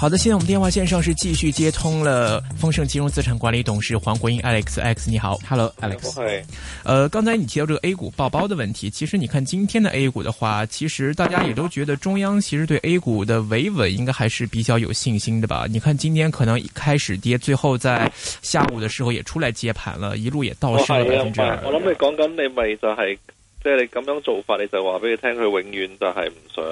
好的，現在我們電話線上是繼續接通了豐盛金融資產管理董事黃國英 Alex，Alex 你好，Hello Alex，我係，呃，剛才你提到這個 A 股爆包的問題，其實你看今天的 A 股的話，其實大家也都覺得中央其實對 A 股的維穩應該還是比較有信心的吧？你看今天可能一開始跌，最後在下午的時候也出來接盤了，一路也倒升、哦、我想你講,講你咪就係、是，即、就、係、是、你咁樣做法，你就話俾佢聽，佢永遠就係唔想。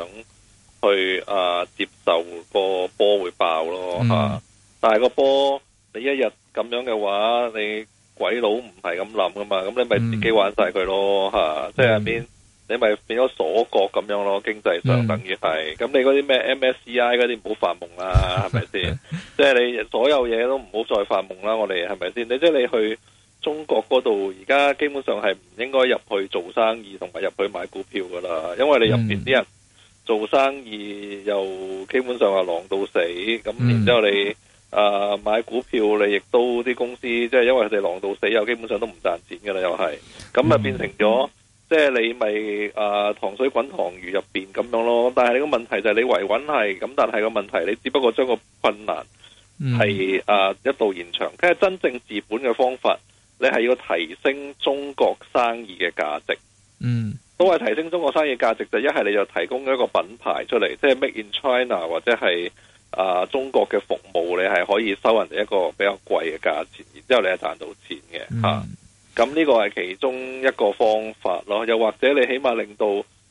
去啊！接受個波會爆咯吓，但係個波你一日咁樣嘅話，你鬼佬唔係咁諗噶嘛？咁你咪自己玩晒佢咯吓，即係入邊你咪變咗鎖國咁樣咯。經濟上等於係，咁你嗰啲咩 MSCI 嗰啲唔好發夢啦，係咪先？即係你所有嘢都唔好再發夢啦，我哋係咪先？你即係你去中國嗰度，而家基本上係唔應該入去做生意，同埋入去買股票噶啦，因為你入邊啲人做生意又基本上話狼到死，咁、嗯、然之後你啊、呃、買股票，你亦都啲公司，即係因為佢哋狼到死，又基本上都唔賺錢嘅啦，又係，咁啊，變成咗、嗯、即係你咪啊、呃、糖水滾糖魚入邊咁樣咯。但係呢個問題就係你維穩係，咁，但係個問題，你只不過將個困難係、嗯、啊一度延長，佢係真正治本嘅方法，你係要提升中國生意嘅價值。嗯。都係提升中國生意價值就一係，你就提供一個品牌出嚟，即係 Make in China 或者係啊、呃、中國嘅服務你係可以收人哋一個比較貴嘅價錢，然之後你係賺到錢嘅嚇。咁呢、嗯啊、個係其中一個方法咯。又或者你起碼令到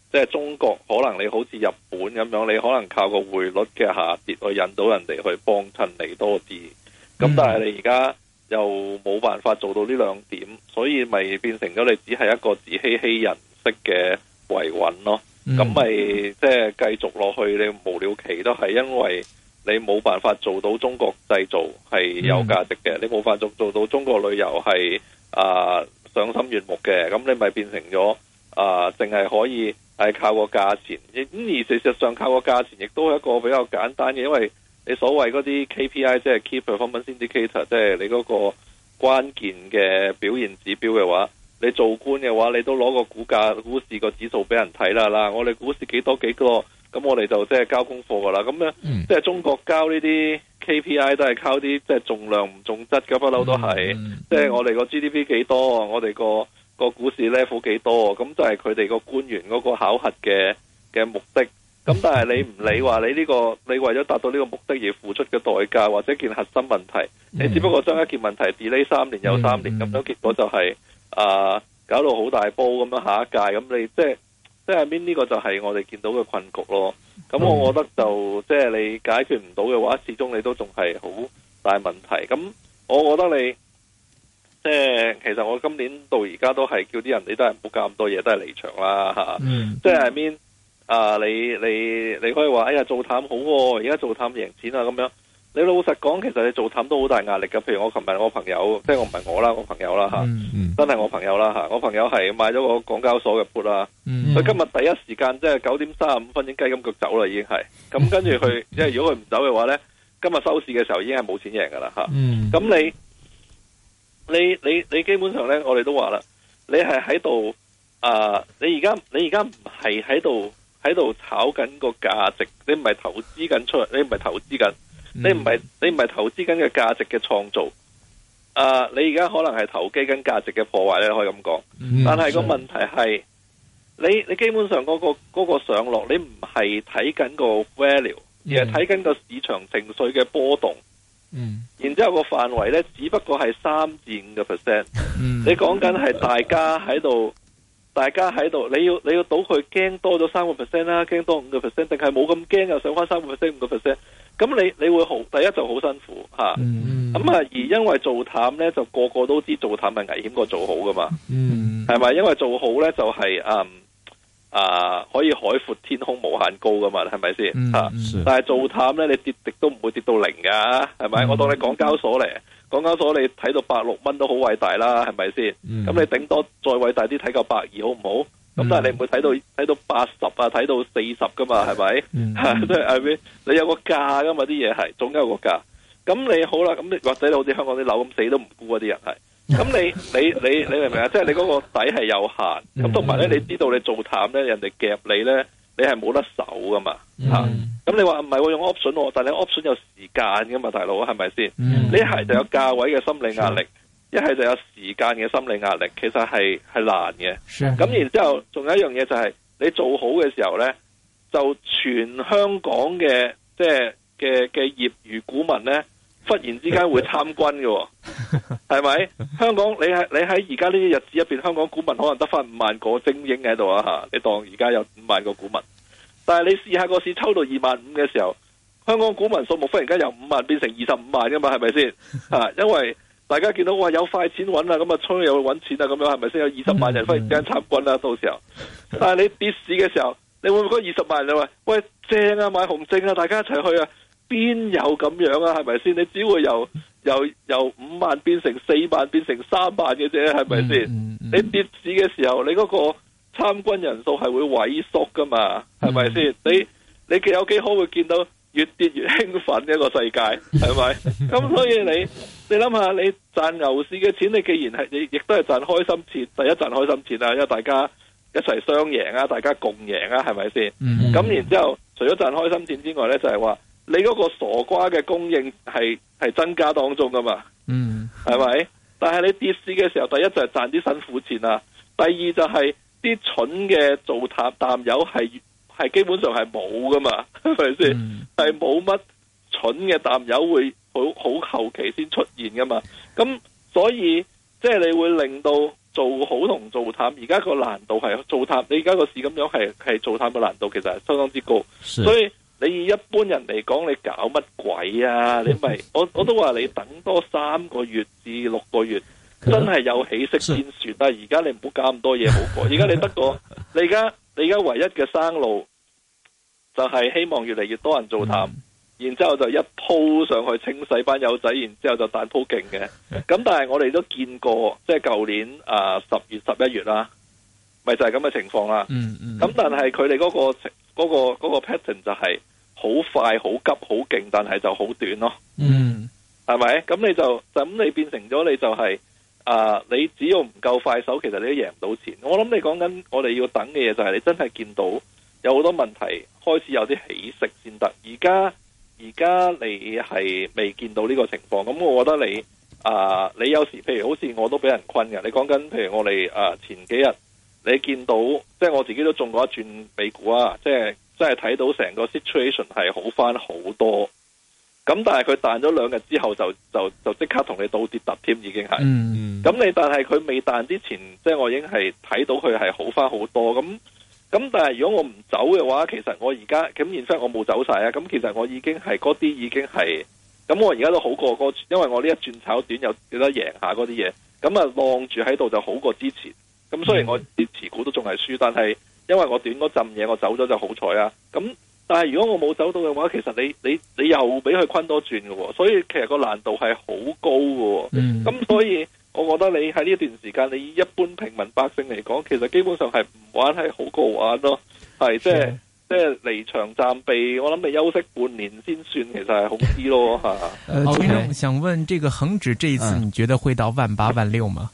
即係中國可能你好似日本咁樣，你可能靠個匯率嘅下跌去引到人哋去幫襯你多啲。咁、嗯、但係你而家又冇辦法做到呢兩點，所以咪變成咗你只係一個自欺欺人嘅維穩咯，咁咪即係繼續落去，你無了期都係因為你冇辦法做到中國製造係有價值嘅。嗯、你冇法做做到中國旅遊係啊賞心悅目嘅，咁你咪變成咗啊，淨、呃、係可以係靠個價錢，而事實上靠個價錢亦都係一個比較簡單嘅，因為你所謂嗰啲 KPI 即係 Key Performance Indicator，即係你嗰個關鍵嘅表現指標嘅話。你做官嘅話，你都攞個股價、股市個指數俾人睇啦啦。我哋股市幾多幾多咁，我哋就即係交功課噶啦。咁樣即係中國交呢啲 KPI 都係靠啲即係重量唔重質嘅，不嬲都係。即係、嗯、我哋個 GDP 幾多啊？我哋個個股市 level 幾多？咁就係佢哋個官員嗰個考核嘅嘅目的。咁但係你唔理話，你呢、呢個你為咗達到呢個目的而付出嘅代價，或者件核心問題，嗯、你只不過將一件問題 delay 三年有三年，咁樣、嗯、結果就係、是。啊！搞到好大波咁樣，下一屆咁你即係即係邊呢個就係我哋見到嘅困局咯。咁我覺得就即係你解決唔到嘅話，始終你都仲係好大問題。咁我覺得你即係其實我今年到而家都係叫啲人，你都係唔好加咁多嘢，都係離場啦吓。啊 mm hmm. 即係邊 I mean, 啊？你你你可以話哎呀做淡好、啊，而家做淡贏錢啊咁樣。你老實講，其實你做淡都好大壓力噶。譬如我琴日我朋友，即係我唔係我啦，我朋友啦吓，嗯嗯、真係我朋友啦吓。我朋友係買咗個港交所嘅 put 啦，佢、嗯、今日第一時間即係九點三十五分已經雞咁腳走啦，已經係咁跟住佢。即係、嗯、如果佢唔走嘅話咧，今日收市嘅時候已經係冇錢贏噶啦吓。咁、嗯、你你你你基本上咧，我哋都話啦，你係喺度啊？你而家你而家唔係喺度喺度炒緊個價值，你唔係投資緊出嚟，你唔係投資緊。你唔係你唔係投資緊嘅價值嘅創造，啊！你而家可能係投機緊價值嘅破壞咧，你可以咁講。但係個問題係，你你基本上嗰個嗰個上落，你唔係睇緊個 value，而係睇緊個市場情緒嘅波動。嗯。然之後個範圍咧，只不過係三至五個 percent。你講緊係大家喺度。大家喺度，你要你要賭佢驚多咗三個 percent 啦，驚多五個 percent，定係冇咁驚又上翻三個 percent 五個 percent？咁你你會好第一就好辛苦嚇，咁、嗯、啊而因為做淡咧，就個個都知做淡係危險過做好噶嘛，係咪、嗯？因為做好咧就係、是嗯、啊啊可以海闊天空無限高噶嘛，係咪先？嚇、嗯啊！但係做淡咧，你跌跌都唔會跌到零噶、啊，係咪？嗯、我當你港交所嚟。港交所你睇到百六蚊都好偉大啦，係咪先？咁、嗯、你頂多再偉大啲睇夠百二好唔好？咁、嗯、但係你唔會睇到睇到八十啊，睇到四十噶嘛，係咪？係、嗯、 I mean, 你有個價噶嘛，啲嘢係總有個價。咁你好啦，咁或者你好似香港啲樓咁死都唔估嗰啲人係。咁你、嗯、你你你明唔明啊？ 即係你嗰個底係有限，咁同埋咧，你知道你做淡咧，人哋夾你咧。你係冇得守噶嘛，吓咁、mm hmm. 啊，你話唔係會用 option，但你 option 有時間噶嘛，大佬係咪先？一係、mm hmm. 就有價位嘅心理壓力，一係的就有時間嘅心理壓力，其實係係難嘅。咁的然之後，仲有一樣嘢就係、是、你做好嘅時候咧，就全香港嘅即係嘅嘅業餘股民咧，忽然之間會參軍嘅、哦。 係咪香港？你喺你喺而家呢啲日子入邊，香港股民可能得返五萬個精英喺度啊！吓，你當而家有五萬個股民，但係你試下個市抽到二萬五嘅時候，香港股民數目忽然間由五萬變成二十五萬噶嘛？係咪先？因為大家見到話有快錢揾啦、啊，咁啊衝入去揾錢啊，咁樣係咪先有二十萬人忽然之間參軍啊，到時候，但係你跌市嘅時候，你會唔會二十萬人你話喂正啊買紅證啊，大家一齊去啊？邊有咁樣啊？係咪先？你只會由。由由五萬變成四萬變成三萬嘅啫，係咪先？嗯嗯、你跌市嘅時候，你嗰個參軍人數係會萎縮噶嘛？係咪先？你你有幾可會見到越跌越興奮嘅一個世界？係咪？咁 所以你你諗下，你賺牛市嘅錢，你既然係你亦都係賺開心錢，第一賺開心錢啦，因為大家一齊雙贏啊，大家共贏啊，係咪先？咁、嗯、然之後，除咗賺開心錢之外呢，就係、是、話。你嗰個傻瓜嘅供應係係增加當中噶嘛？嗯，係咪？但係你跌市嘅時候，第一就係賺啲辛苦錢啦，第二就係、是、啲蠢嘅做淡淡友係係基本上係冇噶嘛？係咪先？係冇乜蠢嘅淡友會好好後期先出現噶嘛？咁所以即係、就是、你會令到做好同做淡，而家個難度係做淡，你而家個市咁樣係係做淡嘅難度其實係相當之高，是所以。你以一般人嚟講，你搞乜鬼啊？你咪我我都話你等多三個月至六個月，真係有起色先算啦。但係而家你唔好搞咁多嘢好過，而家你得過 你而家你而家唯一嘅生路，就係希望越嚟越多人做淡，mm hmm. 然之後就一鋪上去清洗班友仔，然之後就彈鋪勁嘅。咁但係我哋都見過，即係舊年啊呃、十月十一月啦，咪就係咁嘅情況啦。嗯嗯、mm。咁、hmm. 但係佢哋嗰個。嗰個嗰個 pattern 就係好快、好急、好勁，但係就好短咯。嗯，係咪？咁你就就咁，你變成咗你就係呃，你只要唔夠快手，其實你都贏唔到錢。我諗你講緊我哋要等嘅嘢，就係你真係見到有好多問題開始有啲起色先得。而家而家你係未見到呢個情況，咁我覺得你、呃、你有時譬如好似我都俾人困嘅，你講緊譬如我哋、呃、前幾日。你見到即係我自己都中過一轉美股啊！即係即係睇到成個 situation 係好返好多，咁但係佢彈咗兩日之後就就就即刻同你倒跌突添，已經係咁。嗯、你但係佢未彈之前，即係我已經係睇到佢係好返好多。咁咁但係如果我唔走嘅話，其實我而家咁現時我冇走晒啊。咁其實我已經係嗰啲已經係咁，我而家都好過嗰，因為我呢一轉炒短有幾多贏下嗰啲嘢，咁啊晾住喺度就好過之前。咁、嗯、雖然我啲持股都仲係輸，但係因為我短嗰陣嘢我走咗就好彩啊！咁但係如果我冇走到嘅話，其實你你你又俾佢坤多轉嘅喎，所以其實個難度係好高喎。咁、嗯嗯、所以我覺得你喺呢段時間，你一般平民百姓嚟講，其實基本上係唔玩喺好高玩咯，係即係即係離場暫避。我諗你休息半年先算， 其實係好啲咯吓。誒 Okay,、嗯，想問，這個恒指這一次你覺得會到萬八萬六嗎？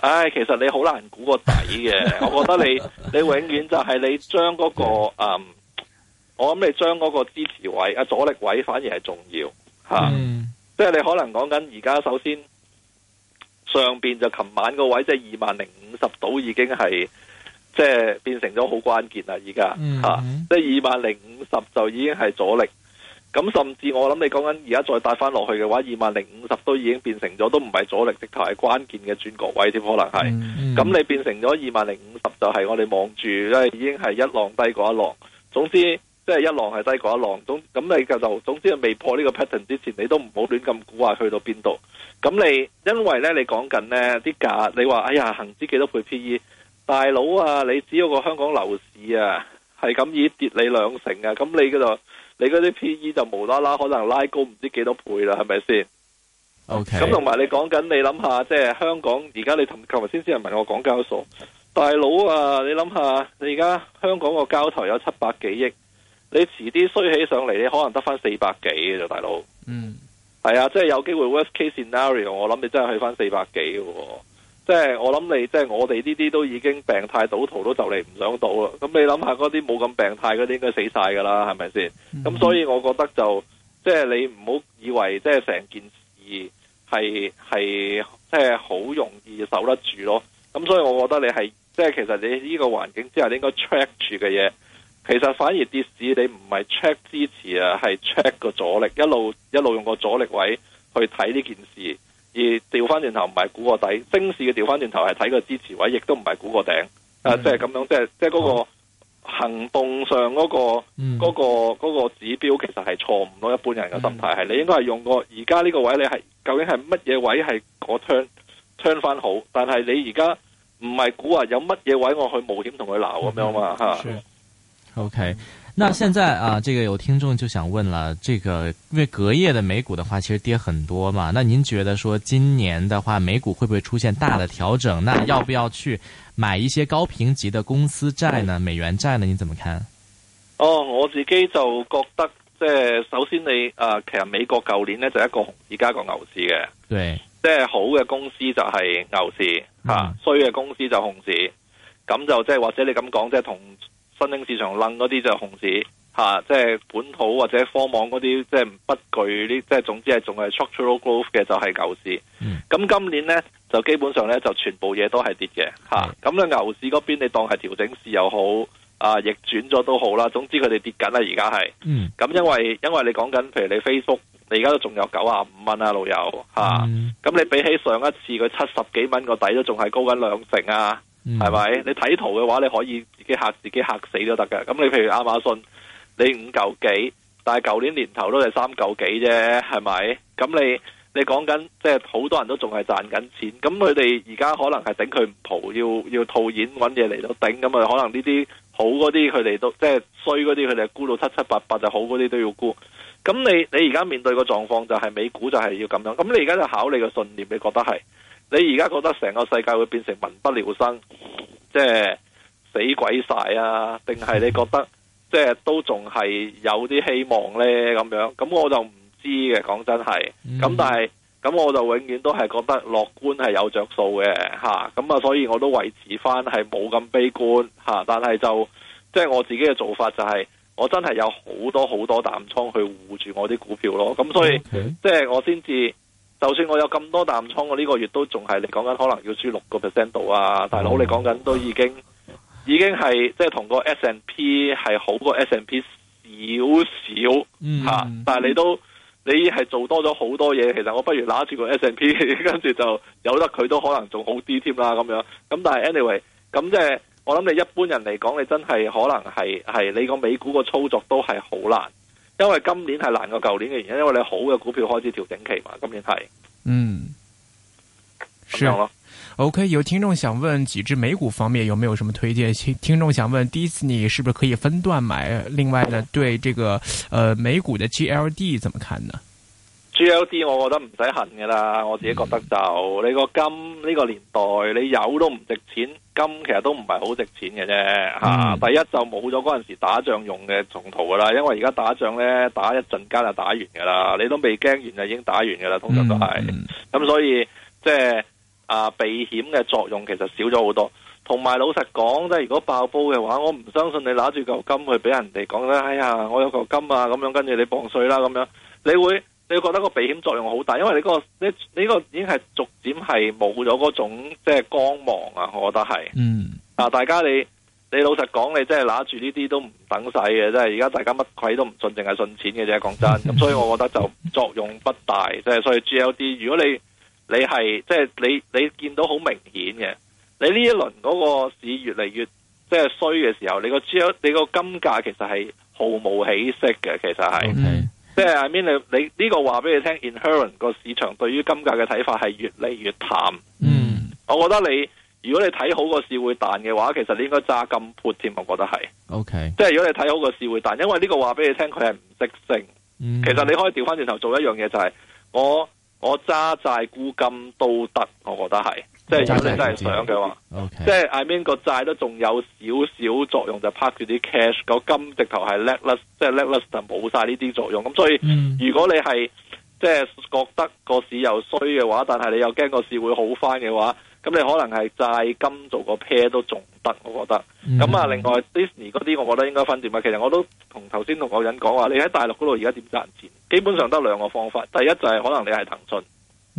唉、哎，其實你好難估個底嘅， 我覺得你你永遠就係你將嗰、那個嗯我諗你將嗰個支持位啊阻力位反而係重要吓，啊嗯、即係你可能講緊而家首先上邊就琴晚個位即係二萬零五十度已經係即係變成咗好關鍵啦，而家吓，嗯、即係二萬零五十就已經係阻力。咁甚至我諗你講緊而家再帶翻落去嘅話，二萬零五十都已經變成咗，都唔係阻力，直頭係關鍵嘅轉角位添，可能係。咁、嗯嗯、你變成咗二萬零五十，就係我哋望住咧，已經係一浪低過一浪。總之，即係一浪係低過一浪。咁你就總之未破呢個 pattern 之前，你都唔好亂咁估話去到邊度。咁你因為呢，你講緊呢啲價，你話哎呀恒指幾多倍 PE，大佬啊，你只要個香港樓市啊係咁已跌你兩成啊，咁你嗰度。你嗰啲 P/E 就無啦啦可能拉高唔知幾多倍啦，係咪先？O.K. 咁同埋你講緊，你諗下即係香港而家你同，琴日先先問我講交數，大佬啊，你諗下你而家香港個交投有七百幾億，你遲啲衰起上嚟，你可能得返四百幾嘅啫，大佬。嗯，係啊，即係有機會 worst case scenario，我諗你真係去返四百幾嘅。即係我諗你，即係我哋呢啲都已經病態，賭徒都就嚟唔想賭啦。咁你諗下，嗰啲冇咁病態嗰啲應該死晒㗎啦，係咪先？咁、嗯、所以我覺得就即係你唔好以為即係成件事係係即係好容易守得住咯。咁所以我覺得你係即係其實你呢個環境之下，你應該 check 住嘅嘢，其實反而跌市你唔係 check 支持啊，係 check 個阻力，一路一路用個阻力位去睇呢件事。而調翻轉頭唔係估個底，升市嘅調翻轉頭係睇個支持位，亦都唔係估個頂。啊，即係咁樣，即係即係嗰個行動上嗰、嗰個嗰、mm hmm. 嗰個、嗰個指標，其實係錯誤到一般人嘅心態係，你應該係用過而家呢個位，你係究竟係乜嘢位係嗰 turn turn 翻好？但係你而家唔係估啊，有乜嘢位我去冒險同佢鬧咁樣嘛？吓，O K。那現在啊、呃，這個有聽眾就想問了，這個因為隔夜的美股的話，其實跌很多嘛。那您覺得說今年的話，美股會不會出現大的調整？那要不要去買一些高評級的公司債呢？美元債呢？你怎麼看？哦，我自己就覺得，即係首先你啊、呃，其實美國舊年呢，就一個熊市加一個牛市嘅，對，即係好嘅公司就係牛市，吓、嗯，衰嘅、啊、公司就熊市，咁就即係或者你咁講即係同。新興市場冷嗰啲就熊市，啊、即係本土或者科網嗰啲，即係不具呢，即係總之係仲係 structural growth 嘅就係牛市。咁、嗯、今年呢，就基本上呢，就全部嘢都係跌嘅，咁、啊、咧牛市嗰邊你當係調整市又好，啊逆轉咗都好啦，總之佢哋跌緊啦而家係。咁、嗯、因為因為你講緊譬如你 Facebook，你而家都仲有九啊五蚊啊，老友吓。咁你比起上一次佢七十幾蚊個底都仲係高緊兩成啊！係咪？你睇圖嘅話，你可以自己吓自己吓死都得㗎。咁你譬如亞馬遜，你五九幾，但係舊年年頭都係三九幾啫，係咪？咁你你講緊即係好多人都仲係賺緊錢，咁佢哋而家可能係頂佢唔蒲，要要套現搵嘢嚟到頂，咁啊可能呢啲好嗰啲佢哋都即係衰嗰啲佢哋沽到七七八八，就好嗰啲都要沽。咁你你而家面對個狀況就係美股就係要咁樣。咁你而家就考你個信念，你覺得係？你而家覺得成個世界會變成民不聊生，即係死鬼晒啊？定係你覺得即係都仲係有啲希望呢？咁樣咁我就唔知嘅，講真係。咁但係咁我就永遠都係覺得樂觀係有着數嘅吓，咁啊，所以我都維持翻係冇咁悲觀，啊，但係就即係我自己嘅做法就係、是，我真係有好多好多淡倉去護住我啲股票咯。咁所以 Okay. 即係我先至。就算我有咁多淡倉，我、這、呢個月都仲係你講緊，可能要輸六個 percent 度啊！嗯、大佬，你講緊都已經已經係即係同個 S and P 係好過 S and P 少少吓、嗯啊，但係你都你係做多咗好多嘢。其實我不如拿住個 S and P，跟住就由得佢都可能仲好啲添啦咁樣，咁但係 anyway，咁即、就、係、是、我諗你一般人嚟講你真係可能係係你個美股個操作都係好難。因為今年係難過舊年嘅原因，因為你好嘅股票開始調整期嘛，今年係嗯，咁樣咯。OK，有聽眾想問幾隻美股方面有沒有什麼推薦？聽聽眾想問迪士尼是不是可以分段買？另外呢，對這個 Okay. 呃美股嘅 GLD 怎麼看呢？GLD 我覺得唔使恨㗎啦。嗯、我自己覺得就你個金呢個年代，你有都唔值錢，金其實都唔係好值錢嘅啫、啊嗯、第一就冇咗嗰陣時打仗用嘅用途噶啦，因為而家打仗呢，打一陣間就打完噶啦，你都未驚完就已經打完噶啦，通常都係咁，嗯、所以即係啊避險嘅作用其實少咗好多。同埋老實講，即係如果爆煲嘅話，我唔相信你攞住嚿金去俾人哋講咧，哎呀我有個金啊咁樣，跟住你磅稅啦咁樣，你會。你會覺得個避險作用好大，因為你、個你你個已經係逐漸係冇咗嗰種即係、就是、光芒啊！我覺得係。嗯。大家你你老實講，你真係攬住呢啲都唔等使嘅，真係而家大家乜鬼都唔信，淨係信錢嘅啫。講真，咁所以我覺得就作用不大。即、就、係、是、所以 GLD，如果你你係即係你你見到好明顯嘅，你呢一輪嗰個市越嚟越即係、就是、衰嘅時候，你個 GLD 你個金價其實係毫無起色嘅，其實係。嗯 即係 I mean, 你你呢個話俾你聽，inherent 個市場對於金價嘅睇法係越嚟越淡。嗯，我覺得你如果你睇好個市會彈嘅話，其實你應該揸咁闊添，我覺得係。O Okay . K，即係如果你睇好個市會彈，因為呢個話俾你聽，佢係唔識升。嗯、其實你可以調翻轉頭做一樣嘢，就係、是、我我揸債沽金都得，我覺得係。即係如你真係想嘅話，嗯嗯、即係 I mean 個債都仲有少少作用，就拍住啲 cash 個金直頭係 letless，即係 letless 就冇晒呢啲作用。咁所以、嗯、如果你係即係覺得個市又衰嘅話，但係你又驚個市會好翻嘅話，咁你可能係債金做個 pair 都仲得，我覺得。咁、嗯、啊，另外 Disney 嗰啲，我覺得應該分點啊？其實我都同頭先同個人講話，你喺大陸嗰度而家點賺錢？基本上得兩個方法，第一就係可能你係騰訊。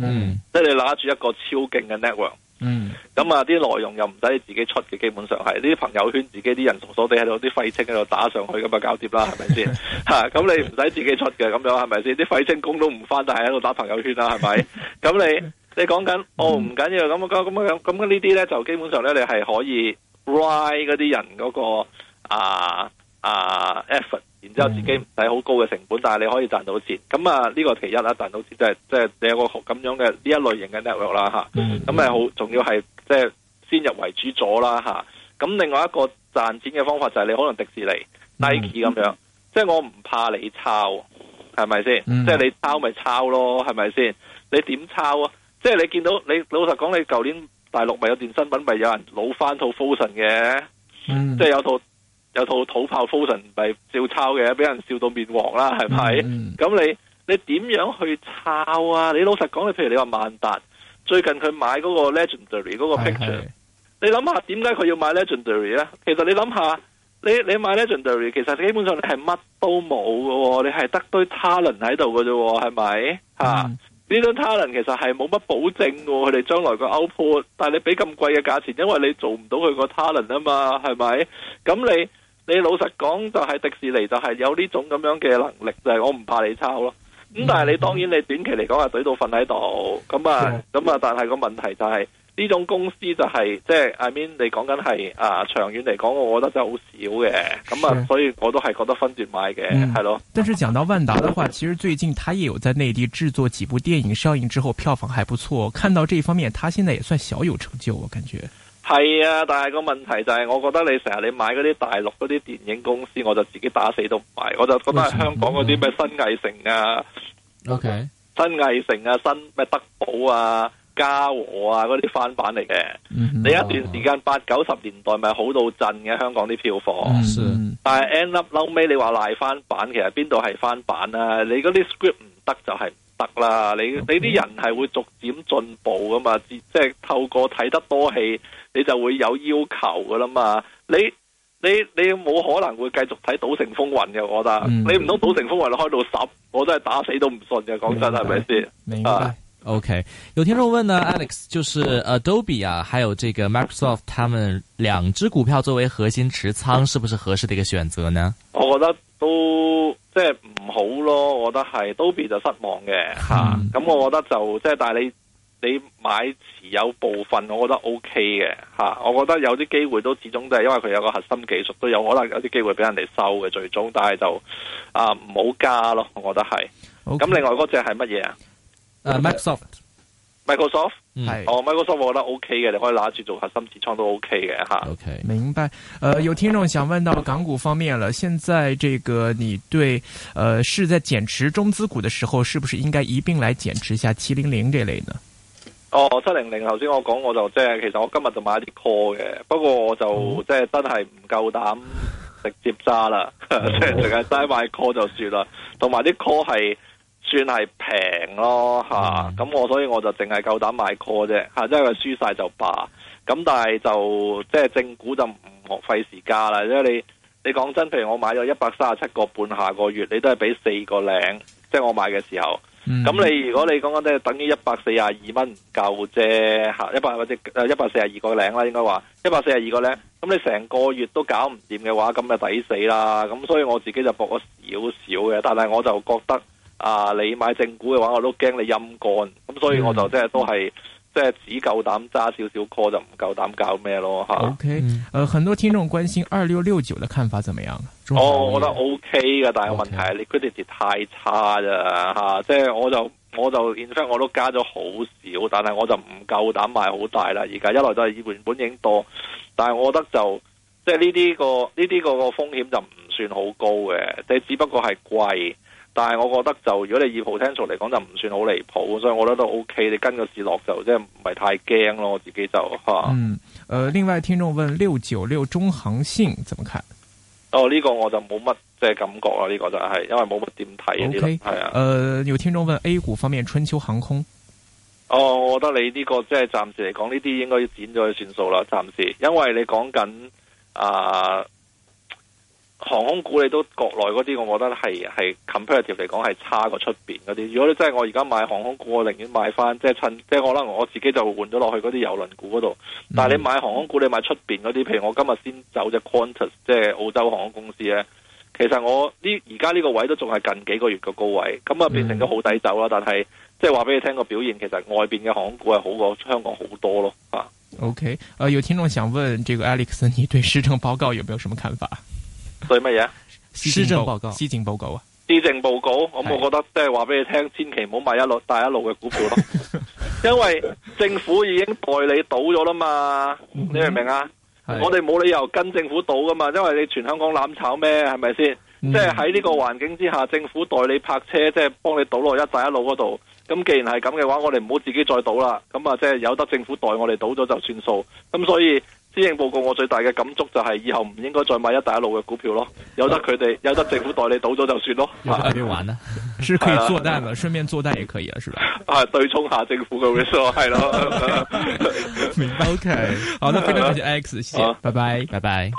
嗯，um, 即係你攞住一個超勁嘅 network，嗯，咁啊啲內容又唔使自己出嘅，基本上係呢啲朋友圈自己啲人同所地喺度啲廢青喺度打上去咁啊搞掂啦，係咪先吓？咁你唔使自己出嘅咁樣係咪先？啲廢青工都唔返，但係喺度打朋友圈啦，係咪？咁你你講緊哦唔緊要咁啊咁啊咁咁呢啲咧，就基本上咧你係可以 ride 嗰啲人嗰、嗰個啊啊 effort。然之後自己唔使好高嘅成本，但係你可以賺到錢。咁啊，呢、這個其一啦，賺到錢就係即係你有個咁樣嘅呢一類型嘅 network 啦嚇、嗯。咁啊好，仲要係即係先入為主咗啦嚇。咁另外一個賺錢嘅方法就係你可能迪士尼、Nike 咁、嗯、樣。即、就、係、是、我唔怕你抄，係咪先？即係、嗯、你抄咪抄咯，係咪先？你點抄啊？即、就、係、是、你見到你老實講，你舊年大陸咪有件新品，咪有人攞翻套 fashion 嘅，即係有套。有套土炮 fusion 咪照抄嘅，俾人笑到面黃啦，係咪？咁、嗯、你你點樣去抄啊？你老實講，你譬如你話萬達最近佢買嗰個 legendary 嗰個 picture，是你諗下點解佢要買 legendary 咧？其實你諗下，你你買 legendary，其實基本上你係乜都冇喎、哦，你係得堆 talent 喺度嘅啫、哦，係咪？吓呢堆、嗯、talent 其實係冇乜保證嘅，佢哋將來個 output，但係你俾咁貴嘅價錢，因為你做唔到佢個 talent 啊嘛，係咪？咁你。你老實講就係、是、迪士尼就係有呢種咁樣嘅能力就係、是、我唔怕你抄咯，咁、嗯嗯嗯、但係你當然你短期嚟講係水到瞓喺度咁啊咁啊，但係個問題就係、是、呢種公司就係、是、即係 I mean, 你講緊係啊長遠嚟講我覺得真係好少嘅咁啊，所以我都係覺得分段買嘅係咯。但是講到萬達嘅話，其實最近他也有在內地製作幾部電影，上映之後票房還不錯。看到這方面，他現在也算小有成就，我感覺。係啊，但係個問題就係、是，我覺得你成日你買嗰啲大陸嗰啲電影公司，我就自己打死都唔買。我就覺得係香港嗰啲咩新藝城啊，OK，新藝城啊，新咩德寶啊、嘉禾啊嗰啲翻版嚟嘅。嗯、哼你一段時間八九十年代咪好到震嘅香港啲票房，嗯、但係 end up 撈尾你話賴翻版，其實邊度係翻版啊？你嗰啲 script 唔得就係、是。得啦，你你啲人係會逐漸進步噶嘛，即係透過睇得多戲，你就會有要求噶啦嘛。你你你冇可能會繼續睇《賭城風雲》嘅，我覺得。嗯，你唔通《賭城風雲》開到十，我都係打死都唔信嘅，講真係咪先？明白。OK，有聽眾問呢，啊，Alex，就是 Adobe 啊，還有這個 Microsoft，他們兩隻股票作為核心持倉，是不是合適的一個選擇呢？我覺得都。即係唔好咯，我覺得係都 o 就失望嘅吓。咁、嗯啊、我覺得就即係，但係你你買持有部分，我覺得 O K 嘅吓。我覺得有啲機會都始終都係因為佢有個核心技術，都有可能有啲機會俾人哋收嘅最終。但係就啊，唔好加咯，我覺得係。咁 Okay. 另外嗰隻係乜嘢啊？誒 m c s o f t Microsoft 係、嗯，哦、oh, Microsoft 我覺得 OK 嘅，你可以拿住做核心持倉都 OK 嘅吓。OK，明白。誒、呃，有聽眾想問到港股方面啦，現在這個你對，誒、呃，是在減持中資股的時候，是不是應該一併來減持一下七零零這類呢？哦、oh,，七零零，頭先我講我就即係，其實我今日就買咗啲 call 嘅，不過我就即係、嗯、真係唔夠膽直接揸啦，即係淨係齋買 call 就算啦，同埋啲 call 係。算係平咯，吓咁、mm. 啊、我所以我就淨係夠膽買 call 啫，吓即係佢輸晒就罷。咁、啊、但係就即係、就是、正股就唔浪費時間啦。因為你你講真，譬如我買咗一百三十七個半，下個月你都係俾四個零，即、就、係、是、我買嘅時候。咁、mm. 你如果你講緊即係等於一百四十二蚊唔夠啫，吓一百或者一百四十二個零啦，應該話一百四十二個零。咁你成個月都搞唔掂嘅話，咁就抵死啦。咁、啊、所以我自己就搏咗少少嘅，但係我就覺得。啊！你買正股嘅話，我都驚你陰乾，咁、嗯、所以我就即係都係即係只夠膽揸少少 call 就唔夠膽搞咩咯吓。O K，誒，啊、很多聽眾關心二六六九的看法怎麼樣哦，我覺得 O K 嘅，但係問題係 liquidity 太差咋吓，即係 Okay.、啊就是、我就我就 i n t 我都加咗好少，但係我就唔夠膽買好大啦。而家一來就係原本已影多，但係我覺得就即係呢啲個呢啲個風險就唔算好高嘅，即只不過係貴。但係我覺得就如果你以 potential 嚟講就唔算好離譜，所以我覺得都 OK，你跟個市落就即係唔係太驚咯，我自己就吓。啊、嗯，誒、呃，另外聽眾問六九六中航信怎麼看？哦，呢、這個我就冇乜即係感覺啦，呢、這個就係、是、因為冇乜點睇呢啲係啊。誒，有聽眾問 A 股方面春秋航空。哦，我覺得你呢個即係暫時嚟講呢啲應該要剪咗算數啦，暫時，因為你講緊啊。呃航空股你都國內嗰啲，我覺得係係 competitive 嚟講係差過出面嗰啲。如果你真係我而家買航空股，我寧願買翻即係趁即係可能我自己就換咗落去嗰啲郵輪股嗰度。但係你買航空股，你買出面嗰啲，譬如我今日先走隻 Qantas 即係澳洲航空公司咧。其實我呢而家呢個位都仲係近幾個月嘅高位，咁啊變成咗好抵走啦。但係即係話俾你聽，個表現其實外邊嘅航空股係好過香港好多咯。啊，OK，呃，有聽眾想問，這個 Alex，你對施政報告有沒有什麼看法？對乜嘢？施政報告，施政報告啊！施政報告，我冇覺得，是即係話俾你聽，千祈唔好買一路帶一路嘅股票咯， 因為政府已經代你倒咗啦嘛， 你明唔明啊？是我哋冇理由跟政府倒噶嘛，因為你全香港攬炒咩，係咪先？ 即係喺呢個環境之下，政府代你泊車，即係幫你倒落一帶一路嗰度。咁既然係咁嘅話，我哋唔好自己再倒啦。咁啊，即係有得政府代我哋倒咗就算數。咁所以。嗯施政報告我最大嘅感觸就係以後唔應該再買一帶一路嘅股票咯，有得佢哋有得政府代理倒咗就算咯，有得邊玩呢？是可以做蛋啦，順便做蛋也可以啊，是吧？啊，對沖下政府嘅危害咯。OK，好，那非常感謝 Alex 謝，拜拜，拜拜。